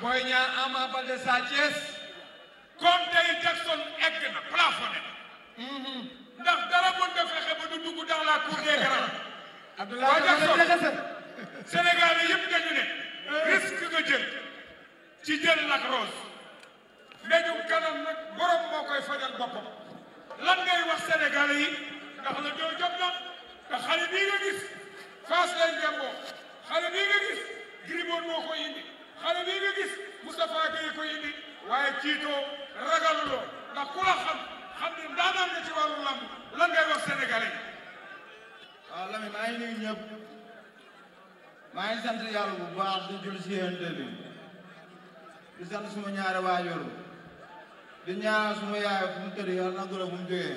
Boy Niang Ama Baldé Sa Thiès comme tey Jackson egg na plafonné mhm. ndax dara mën nga fexe ba du dugg dans la cour des grands. Abdoulaye Jackson Sénégal yëpp dañu ne risque nga jël ci jël Lac Rose léegi kanam nag borom moo koy fajal boppam lan ngay wax Sénégalais yi ndax la tey ko indi waaye ciitoo ragaluloo ndax ku la xam xam ne ndaanaan nga ci wàllu lan ngay wax sénégalais waaw Lamine maa ngi nuyu ñëpp maa ngi sant yàlla bu baax di jul si yéen bi sant suma ñaari waajur di ñaanal suma yaay fu mu tëdd yàlla na gën a mu jógee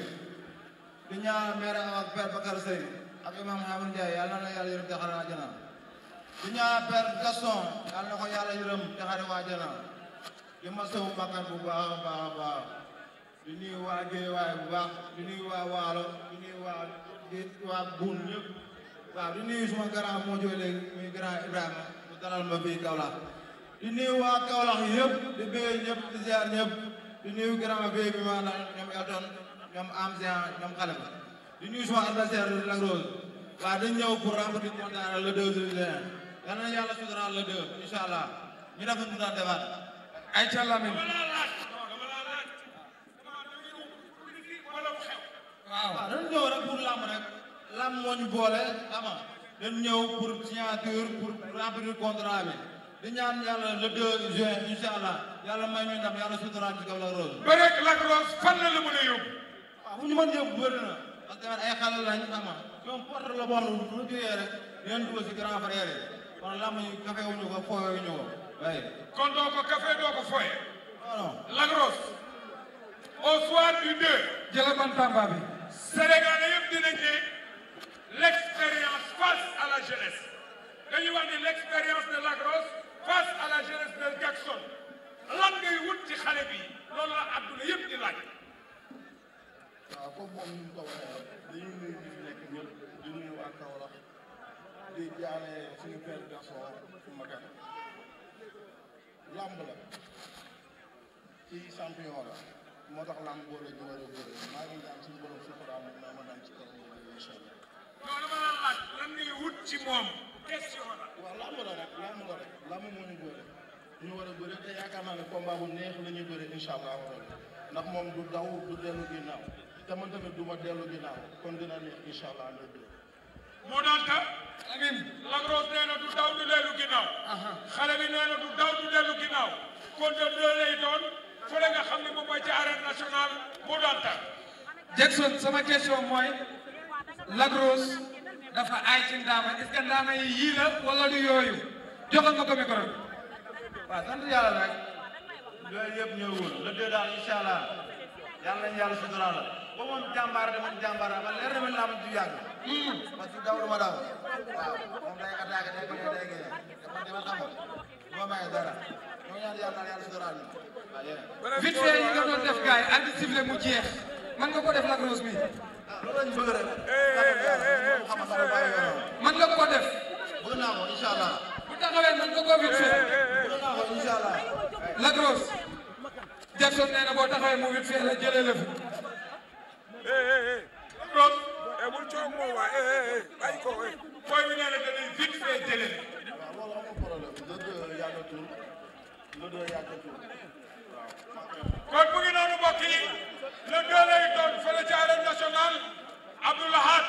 di ñaanal maire ak père Bakar Seye ak imam Amadou Ndiaye yàlla na yàlla yërëm taxare àjjana di ñaanal père Gaston yàlla na ko yàlla yërëm taxare àjjana di masawu bakkan bu baax a di nuyu waa Géewaay bu baax di nuyu waa Waalo di nuyu waa waa Buun ñëpp waaw di nuyu suma grand moo muy grand Ibrahima mu dalal ma fii Kaolack di nuyu waa Kaolack yëpp di béy ñëpp di ziar ñëpp di nuyu grand béy bi ma dal ñoom Elton ñoom Amzian ñoom xale di nuyu suma adversaire Lac Rose waaw dañ ñëw pour remporter le deux juillet yal na yàlla suturaal le deux incha allah ñu def mu daan defaat ay ca Lamine waaw dañu ñëw rek pour lamb rek lamb moo ñu boole ama dañu ñëw pour signature pour remplir contrat bi di ñaan yàlla le 2 juin incha allah yàlla may ñu ndam yàlla suturaan ci kaw la rose ba rek la rose fan la la mën a yóbbu waaw bu ñu mën yóbbu bëri na parce que ay xale lañ ama la boo xam ne bu ñu jógee rek si grand frère yi kon lamb ñu kafe wuñu ko fooyoo ñu ko kon doo ko café doo ko foye ah Lagros au soir du deux jëla ban bi Sénégalais yëpp dinañ ne l'expérience face à la jeunesse dañuy wax l'expérience de Lagros face à la jeunesse de Jackson lan wut ci xale bi loolu la adduna di laaj waaw ah, comme moom ñu ko waxee dañuy nuyu ñi fi nekk ñëpp di nuyu waa Kaolack di jaale suñu père Gasson fu ma làmb la ci champion la moo tax làmb boole ñu war a bëri maa ngi ñaan suñu borom sukuraam maa ma daan ci kaw moom incha allah. loolu wut ci moom question la. waaw làmb la rek làmb la làmb moo ñu boole ñu war a bëri te yaakaar naa ne combat bu neex la ñuy bëri incha allah ndax moom du daw du dellu ginnaaw te man tamit du ma dellu ginnaaw kon dina neex incha allah. contre deux lay doon fële nga xam ne moom mooy ci arène nationale doon tax. Jackson sama question mooy Lagros dafa aay ci ndaama est-ce que ndaama yi yii la wala du yooyu joxoon nga ko micro bi. waaw sant yàlla nag loolu yàlla nañu yàlla suturaal la ba moom jàmbaar dama jàmbaar ma leer na ma laamu du yàgg. Hmm. parce que dawul ma daw waaw moom day attaqué day gën a day gën a man dama xamal boo may dara. vite fait yi nga doon def gars yi arbitre sifflé mu jeex man nga ko def Lac Rose mi man nga ko def bëgg naa ko inshallah bu taxawee man nga ko vite fait bëgg naa ko inshallah Lac na boo taxawee mu vite fait la jëlee la fi Lac Rose e bul coow waa eh, eh, bàyyi ko boy mi nee kon mu ngi noonu le deux lay doon fële ci arène nationale Abdou Lahad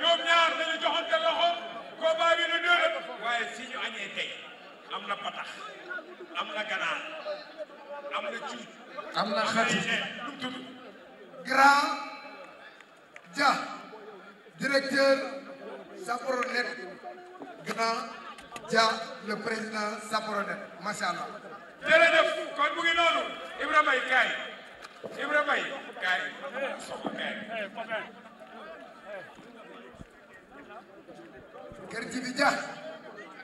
ñoom ñaar dañu joxante bi le deux waaye si ñu añee tey am na patax am na ganaar am na cuuj am na xati dum tudd grand dia directeur Sapronet grand dia le président Sapronet macha jërëjëf kon mu ngi noonu Ibrahima yi kaay Ibrahima yi kaay soxla kaay. kër Jibi Dia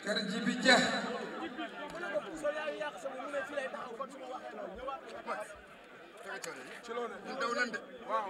kër Jibi Dia. ci loolu daw nañ de waaw.